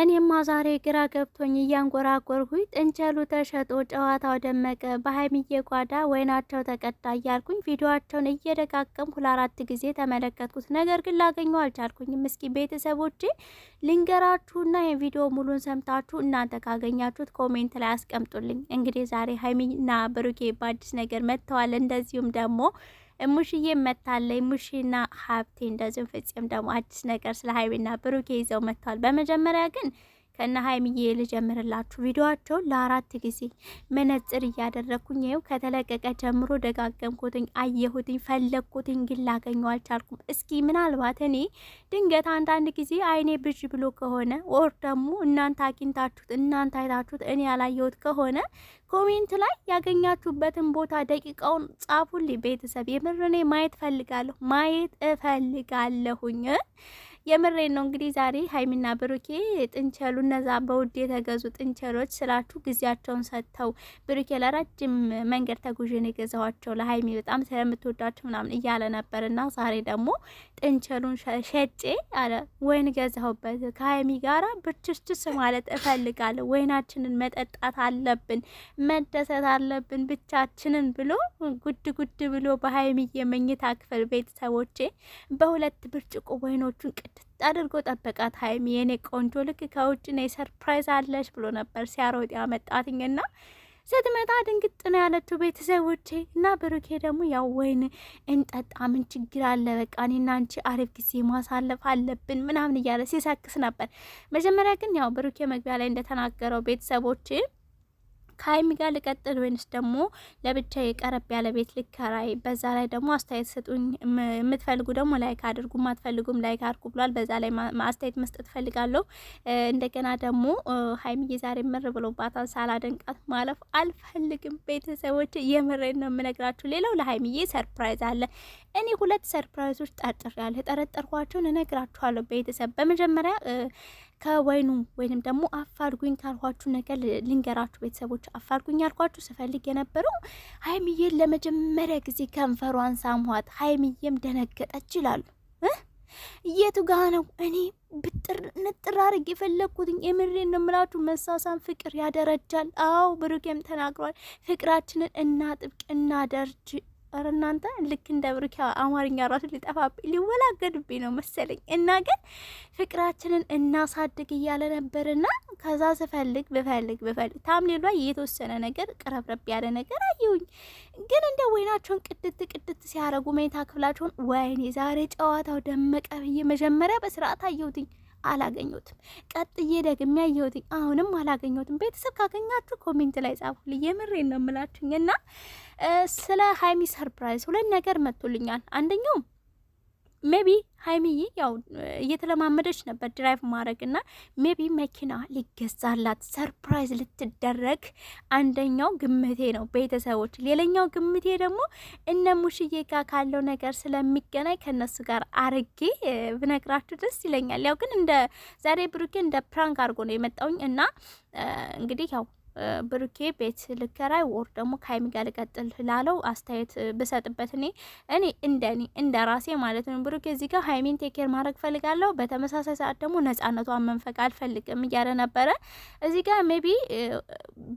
እኔማ ዛሬ ግራ ገብቶኝ እያንጎራጎርኩኝ ጥንቸሉ ተሸጦ ጨዋታው ደመቀ በሀይሚዬ ጓዳ ወይናቸው ተቀጣ እያልኩኝ ቪዲዮቸውን እየደጋገምኩ ለአራት ጊዜ ተመለከትኩት። ነገር ግን ላገኘው አልቻልኩኝም። እስኪ ቤተሰቦቼ ልንገራችሁና ይህን ቪዲዮ ሙሉን ሰምታችሁ እናንተ ካገኛችሁት ኮሜንት ላይ አስቀምጡልኝ። እንግዲህ ዛሬ ሀይሚና ብሩኬ በአዲስ ነገር መጥተዋል። እንደዚሁም ደግሞ እሙሽዬ መታለይ ሙሽና ሀብቴ እንደዚሁም ፍጽም ደግሞ አዲስ ነገር ስለ ሀይቤና ብሩኬ ይዘው መጥተዋል። በመጀመሪያ ግን ከነ ሀይሚዬ ልጀምርላችሁ። ቪዲዮቸው ለአራት ጊዜ መነጽር እያደረግኩኝ ይኸው ከተለቀቀ ጀምሮ ደጋገምኩትኝ፣ አየሁትኝ፣ ፈለግኩትኝ ግን ላገኘው አልቻልኩም። እስኪ ምናልባት እኔ ድንገት አንዳንድ ጊዜ አይኔ ብዥ ብሎ ከሆነ ኦር ደግሞ እናንተ አግኝታችሁት እናንተ አይታችሁት እኔ ያላየሁት ከሆነ ኮሜንት ላይ ያገኛችሁበትን ቦታ ደቂቃውን ጻፉልኝ። ቤተሰብ የምር እኔ ማየት ፈልጋለሁ፣ ማየት እፈልጋለሁኝ። የምሬን ነው። እንግዲህ ዛሬ ሀይሚና ብሩኬ ጥንቸሉ እነዛ በውድ የተገዙ ጥንቸሎች ስላችሁ ጊዜያቸውን ሰጥተው ብሩኬ ለረጅም መንገድ ተጉዥን የገዛዋቸው ለሀይሚ በጣም ስለምትወዳቸው ምናምን እያለ ነበር እና ዛሬ ደግሞ ጥንቸሉን ሸጬ አለ ወይን ገዛሁበት ከሀይሚ ጋራ ብችስችስ ማለት እፈልጋለሁ። ወይናችንን መጠጣት አለብን፣ መደሰት አለብን ብቻችንን ብሎ ጉድ ጉድ ብሎ በሀይሚዬ የመኝታ ክፍል ቤተሰቦቼ በሁለት ብርጭቆ ወይኖቹን አድርጎ ጠበቃት። ሀይሚ የኔ ቆንጆ ልክ ከውጭ ነ ሰርፕራይዝ አለሽ ብሎ ነበር ሲያሮጥ ያመጣትኝ ና ስትመጣ ድንግጥ ነው ያለችው ቤተሰቦቼ እና ብሩኬ ደግሞ ያው ወይን እንጠጣ ምን ችግር አለ በቃ እኔና አንቺ አሪፍ ጊዜ ማሳለፍ አለብን ምናምን እያለ ሲሰክስ ነበር። መጀመሪያ ግን ያው ብሩኬ መግቢያ ላይ እንደተናገረው ቤተሰቦቼ ከሀይሚ ጋር ልቀጥል ወይንስ ደግሞ ለብቻ የቀረብ ያለ ቤት ልከራይ? በዛ ላይ ደግሞ አስተያየት ስጡኝ። የምትፈልጉ ደግሞ ላይክ አድርጉ፣ ማትፈልጉም ላይክ አድርጉ ብሏል። በዛ ላይ አስተያየት መስጠት ፈልጋለሁ። እንደገና ደግሞ ሀይሚዬ ዛሬ ምር ብሎባታል። ሳላደንቃት ማለፍ አልፈልግም። ቤተሰቦች የምሬን ነው የምነግራችሁ። ሌላው ለሀይሚዬ ሰርፕራይዝ አለ። እኔ ሁለት ሰርፕራይዞች ጠርጥሬያለሁ። የጠረጠርኳቸውን እነግራችኋለሁ ቤተሰብ በመጀመሪያ ከወይኑ ወይንም ደግሞ አፋልጉኝ ካልኳችሁ ነገር ልንገራችሁ ቤተሰቦች። አፋልጉኝ ያልኳችሁ ስፈልግ የነበረው ሀይሚዬን ለመጀመሪያ ጊዜ ከንፈሯን ሳምኋት፣ ሀይሚዬም ደነገጠች ይላሉ። የቱ ጋ ነው እኔ ብጥር ንጥር አርግ የፈለግኩትኝ? የምሬ ነው የምላችሁ። መሳሳም ፍቅር ያደረጃል። አዎ ብሩኬም ተናግሯል። ፍቅራችንን እናጥብቅ እናደርጅ ኧረ እናንተ ልክ እንደ ብሩክ አማርኛ ራሱ ሊጠፋብኝ ሊወላገድብኝ ነው መሰለኝ። እና ግን ፍቅራችንን እናሳድግ እያለ ነበርና ከዛ ስፈልግ ብፈልግ ብፈልግ ታምሌሏ የተወሰነ ነገር ቅረብረብ ያለ ነገር አየሁኝ። ግን እንደ ወይናቸውን ቅድት ቅድት ሲያደርጉ መኝታ ክፍላቸውን ወይኔ ዛሬ ጨዋታው ደመቀ ብዬ መጀመሪያ በስርዓት አየሁትኝ። አላገኘሁትም። ቀጥዬ ደግሜ ያየሁት አሁንም አላገኘሁትም። ቤተሰብ ካገኛችሁ ኮሜንት ላይ ጻፉልኝ። የምሬ ነው የምላችሁኝ እና ስለ ሀይሚ ሰርፕራይዝ ሁለት ነገር መጥቶልኛል። አንደኛው ሜቢ ሀይሚዬ ያው እየተለማመደች ነበር ድራይቭ ማድረግ እና ሜቢ መኪና ሊገዛላት ሰርፕራይዝ ልትደረግ አንደኛው ግምቴ ነው ቤተሰቦች። ሌላኛው ግምቴ ደግሞ እነ ሙሽዬ ጋር ካለው ነገር ስለሚገናኝ ከነሱ ጋር አርጌ ብነግራችሁ ደስ ይለኛል። ያው ግን እንደ ዛሬ ብሩኬ እንደ ፕራንክ አድርጎ ነው የመጣውኝ እና እንግዲህ ያው ብሩኬ ቤት ልከራይ ወር ደግሞ ከሀይሚ ጋር ልቀጥል ላለው አስተያየት ብሰጥበት እኔ እኔ እንደኔ እንደ ራሴ ማለት ነው። ብሩኬ እዚህ ጋር ሀይሚን ቴኬር ማድረግ ፈልጋለሁ፣ በተመሳሳይ ሰዓት ደግሞ ነጻነቷን መንፈቅ አልፈልግም እያለ ነበረ። እዚህ ጋር ሜቢ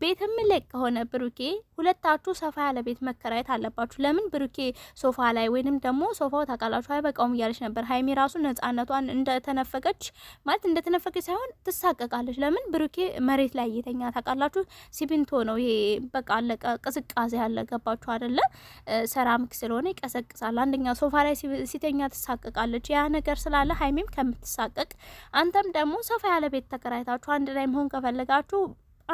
ቤት ምለቅ ከሆነ ብሩኬ ሁለታችሁ ሰፋ ያለ ቤት መከራየት አለባችሁ። ለምን ብሩኬ ሶፋ ላይ ወይንም ደግሞ ሶፋው ታቃላችሁ አይበቃውም እያለች ነበር። ሀይሚ ራሱ ነጻነቷን እንደተነፈቀች ማለት እንደተነፈቀች ሳይሆን ትሳቀቃለች። ለምን ብሩኬ መሬት ላይ እየተኛ ታቃላችሁ፣ ሲሚንቶ ነው ይሄ። በቃ አለቀ። ቅዝቃዜ ያለ ገባችሁ አደለ? ሰራሚክ ስለሆነ ይቀሰቅሳል። አንደኛ ሶፋ ላይ ሲተኛ ትሳቀቃለች። ያ ነገር ስላለ ሀይሚም ከምትሳቀቅ አንተም ደግሞ ሰፋ ያለ ቤት ተከራይታችሁ አንድ ላይ መሆን ከፈለጋችሁ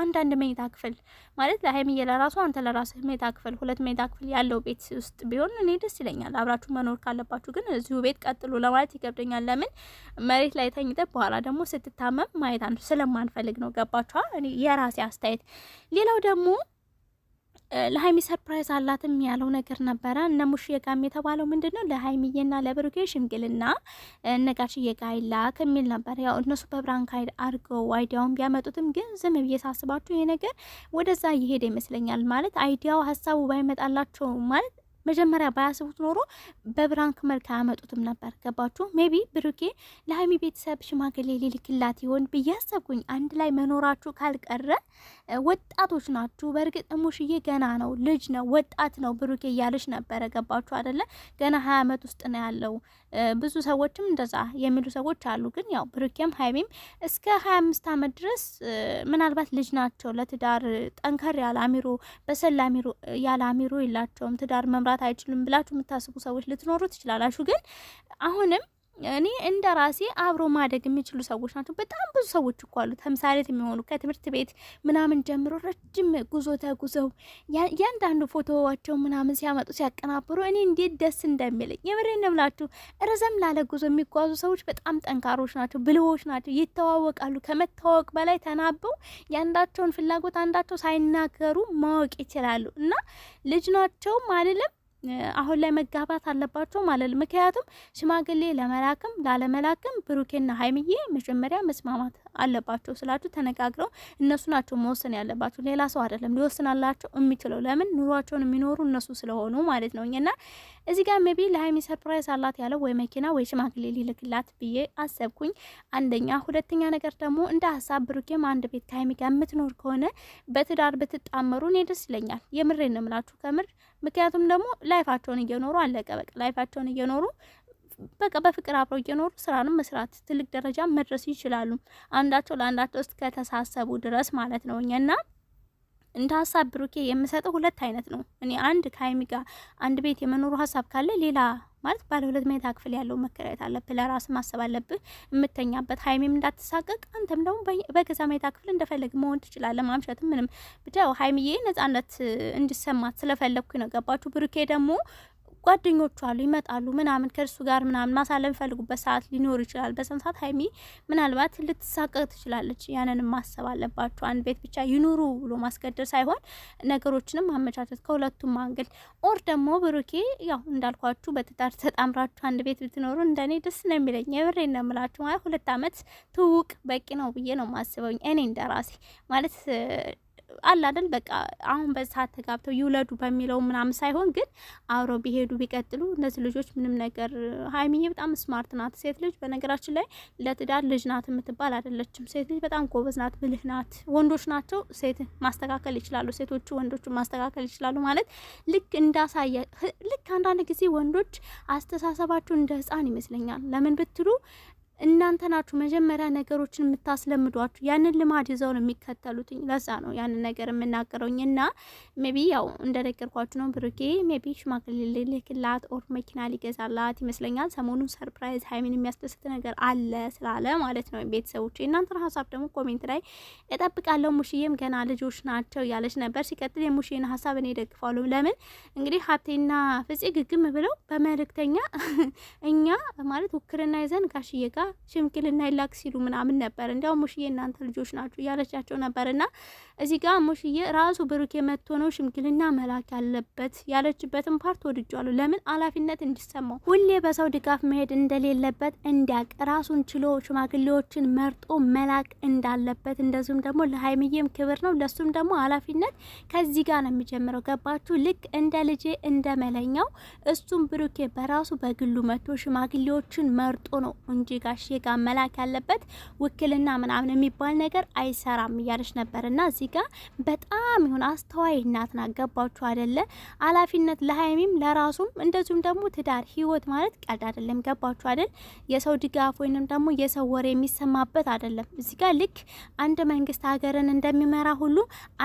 አንዳንድ መኝታ ክፍል ማለት ለሀይሚዬ ለራሱ አንተ ለራስህ መኝታ ክፍል ሁለት መኝታ ክፍል ያለው ቤት ውስጥ ቢሆን እኔ ደስ ይለኛል። አብራችሁ መኖር ካለባችሁ ግን እዚሁ ቤት ቀጥሉ ለማለት ይገብደኛል። ለምን መሬት ላይ ተኝተ በኋላ ደግሞ ስትታመም ማየት ስለማንፈልግ ነው። ገባችኋ? የራሴ አስተያየት ሌላው ደግሞ ለሀይሚ ሰርፕራይዝ አላትም ያለው ነገር ነበረ። እነ ሙሽዬ ጋም የተባለው ምንድን ነው ለሀይሚዬና ለብሩኬ ሽምግልና እነጋሽዬ ጋ ይላክ የሚል ነበር። ያው እነሱ በብራንክ አድርገው አይዲያውን ቢያመጡትም ግን ዝም ብዬ ሳስባችሁ ይሄ ነገር ወደዛ እየሄደ ይመስለኛል። ማለት አይዲያው ሀሳቡ ባይመጣላቸው ማለት መጀመሪያ ባያስቡት ኖሮ በብራንክ መልክ አያመጡትም ነበር። ገባችሁ? ሜቢ ብሩኬ ለሀይሚ ቤተሰብ ሽማግሌ ሊልክላት ይሆን ብዬ አሰብኩኝ። አንድ ላይ መኖራችሁ ካልቀረ ወጣቶች ናችሁ። በእርግጥ ሙሽዬ ገና ነው፣ ልጅ ነው፣ ወጣት ነው ብሩኬ እያለች ነበረ። ገባችሁ አደለ? ገና ሀያ አመት ውስጥ ነው ያለው። ብዙ ሰዎችም እንደዛ የሚሉ ሰዎች አሉ። ግን ያው ብሩኬም ሀይሜም እስከ ሀያ አምስት አመት ድረስ ምናልባት ልጅ ናቸው። ለትዳር ጠንከር ያለ አሚሮ፣ በሰል አሚሮ ያለ አሚሮ የላቸውም። ትዳር መምራት አይችሉም ብላችሁ የምታስቡ ሰዎች ልትኖሩ ትችላላችሁ። ግን አሁንም እኔ እንደ ራሴ አብሮ ማደግ የሚችሉ ሰዎች ናቸው። በጣም ብዙ ሰዎች እኮ አሉ ተምሳሌት የሚሆኑ ከትምህርት ቤት ምናምን ጀምሮ ረጅም ጉዞ ተጉዘው እያንዳንዱ ፎቶዋቸው ምናምን ሲያመጡ ሲያቀናብሩ እኔ እንዴት ደስ እንደሚልኝ የምሬን ብላችሁ። ረዘም ላለ ጉዞ የሚጓዙ ሰዎች በጣም ጠንካሮች ናቸው፣ ብልሆች ናቸው፣ ይተዋወቃሉ። ከመተዋወቅ በላይ ተናበው ያንዳቸውን ፍላጎት አንዳቸው ሳይናገሩ ማወቅ ይችላሉ እና ልጅ ናቸውም አልልም አሁን ላይ መጋባት አለባቸው ማለት ምክንያቱም ሽማግሌ ለመላክም ላለመላክም ብሩኬና ሀይምዬ መጀመሪያ መስማማት አለባቸው ስላችሁ ተነጋግረው እነሱ ናቸው መወሰን ያለባቸው። ሌላ ሰው አይደለም ሊወስናላቸው የሚችለው። ለምን ኑሯቸውን የሚኖሩ እነሱ ስለሆኑ ማለት ነው። እና እዚ ጋር ሜቢ ለሀይሚ ሰርፕራይዝ አላት ያለው ወይ መኪና ወይ ሽማግሌ ሊልክላት ብዬ አሰብኩኝ። አንደኛ፣ ሁለተኛ ነገር ደግሞ እንደ ሀሳብ ብሩኬም አንድ ቤት ከሀይሚ ጋር የምትኖር ከሆነ በትዳር ብትጣመሩ እኔ ደስ ይለኛል። የምሬ ነው ከምር። ምክንያቱም ደግሞ ላይፋቸውን እየኖሩ አለቀ በቃ ላይፋቸውን እየኖሩ በቃ በፍቅር አብረው እየኖሩ ስራንም መስራት ትልቅ ደረጃ መድረስ ይችላሉ። አንዳቸው ለአንዳቸው ውስጥ ከተሳሰቡ ድረስ ማለት ነው እኛና እንደ ሀሳብ ብሩኬ የምሰጠው ሁለት አይነት ነው። እኔ አንድ ከሀይሚ ጋር አንድ ቤት የመኖሩ ሀሳብ ካለ ሌላ ማለት ባለ ሁለት መኝታ ክፍል ያለው መከራየት አለብህ። ለራስ ማሰብ አለብህ። የምተኛበት ሀይሚም እንዳትሳቀቅ፣ አንተም ደግሞ በገዛ መኝታ ክፍል እንደፈለግ መሆን ትችላለህ። ማምሸትም ምንም ብቻ ሀይሚዬ ነጻነት እንዲሰማት ስለፈለግኩ ነው። ገባችሁ? ብሩኬ ደግሞ ጓደኞቹ አሉ ይመጣሉ ምናምን ከእርሱ ጋር ምናምን ማሳለፍ የሚፈልጉበት ሰዓት ሊኖር ይችላል። በዛም ሰዓት ሀይሚ ምናልባት ልትሳቀቅ ትችላለች። ያንንም ማሰብ አለባቸው። አንድ ቤት ብቻ ይኑሩ ብሎ ማስገደድ ሳይሆን ነገሮችንም ማመቻቸት ከሁለቱም አንግል ኦር ደግሞ ብሩኬ ያው እንዳልኳችሁ በትዳር ተጣምራችሁ አንድ ቤት ብትኖሩ እንደኔ ደስ ነው የሚለኝ። የብሬ ነው ማለት ሁለት አመት ትውቅ በቂ ነው ብዬ ነው ማስበውኝ እኔ እንደራሴ ማለት አለ አይደል በቃ አሁን በሰዓት ተጋብተው ይውለዱ በሚለው ምናምን ሳይሆን ግን አብሮ ቢሄዱ ቢቀጥሉ እነዚህ ልጆች ምንም ነገር ሀይሚዬ በጣም ስማርት ናት። ሴት ልጅ በነገራችን ላይ ለትዳር ልጅ ናት የምትባል አይደለችም። ሴት ልጅ በጣም ጎበዝ ናት፣ ብልህ ናት። ወንዶች ናቸው ሴት ማስተካከል ይችላሉ፣ ሴቶቹ ወንዶቹ ማስተካከል ይችላሉ ማለት ልክ እንዳሳየ ልክ አንዳንድ ጊዜ ወንዶች አስተሳሰባቸው እንደ ህፃን ይመስለኛል። ለምን ብትሉ እናንተ ናችሁ መጀመሪያ ነገሮችን የምታስለምዷችሁ። ያንን ልማድ ይዘው ነው የሚከተሉት። ለዛ ነው ያንን ነገር የምናገረውኝ እና ሜቢ ያው እንደነገርኳችሁ ነው። ብሩኬ ሜቢ ሽማግሌ ልልክላት ኦር መኪና ሊገዛላት ይመስለኛል። ሰሞኑን ሰርፕራይዝ ሀይሚን የሚያስደስት ነገር አለ ስላለ ማለት ነው። ቤተሰቦች እናንተን ሀሳብ ደግሞ ኮሜንት ላይ እጠብቃለሁ። ሙሽዬም ገና ልጆች ናቸው ያለች ነበር። ሲቀጥል የሙሽዬን ሀሳብ እኔ ደግፋሉ ለምን እንግዲህ ሀቴና ፍፄ ግግም ብለው በመልእክተኛ እኛ ማለት ውክልና ይዘን ጋሽዬ ጋር ሽምግልና ይላክ ሲሉ ምናምን ነበር። እንዲያው ሙሽዬ እናንተ ልጆች ናችሁ እያለቻቸው ነበርና እዚህ ጋር ሙሽዬ ራሱ ብሩክ የመቶ ነው ሽምግልና መላክ ያለበት ያለችበትን ፓርት ወድጇሉ። ለምን ኃላፊነት እንዲሰማው ሁሌ በሰው ድጋፍ መሄድ እንደሌለበት እንዲያቅ ራሱን ችሎ ሽማግሌዎችን መርጦ መላክ እንዳለበት እንደዚሁም ደግሞ ለሀይምዬም ክብር ነው ለሱም ደግሞ ኃላፊነት ከዚህ ጋር ነው የሚጀምረው። ገባችሁ? ልክ እንደ ልጄ እንደ መለኛው እሱም ብሩኬ በራሱ በግሉ መቶ ሽማግሌዎችን መርጦ ነው እንጂ ጋ ጋሼ ጋር መላክ ያለበት ውክልና ምናምን የሚባል ነገር አይሰራም እያለች ነበር። እና እዚህ ጋር በጣም ይሁን አስተዋይ እናት ናት። ገባችሁ አይደለ? ኃላፊነት ለሀይሚም ለራሱም፣ እንደዚሁም ደግሞ ትዳር ህይወት ማለት ቀልድ አይደለም። ገባችሁ አይደል? የሰው ድጋፍ ወይንም ደግሞ የሰው ወሬ የሚሰማበት አይደለም። እዚህ ጋር ልክ አንድ መንግስት ሀገርን እንደሚመራ ሁሉ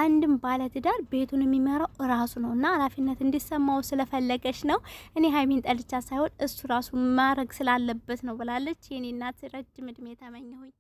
አንድም ባለ ትዳር ቤቱን የሚመራው ራሱ ነው እና ኃላፊነት እንዲሰማው ስለፈለገች ነው። እኔ ሀይሚን ጠልቻ ሳይሆን እሱ ራሱ ማድረግ ስላለበት ነው ብላለች። እናት ረጅም እድሜ ተመኘሁኝ።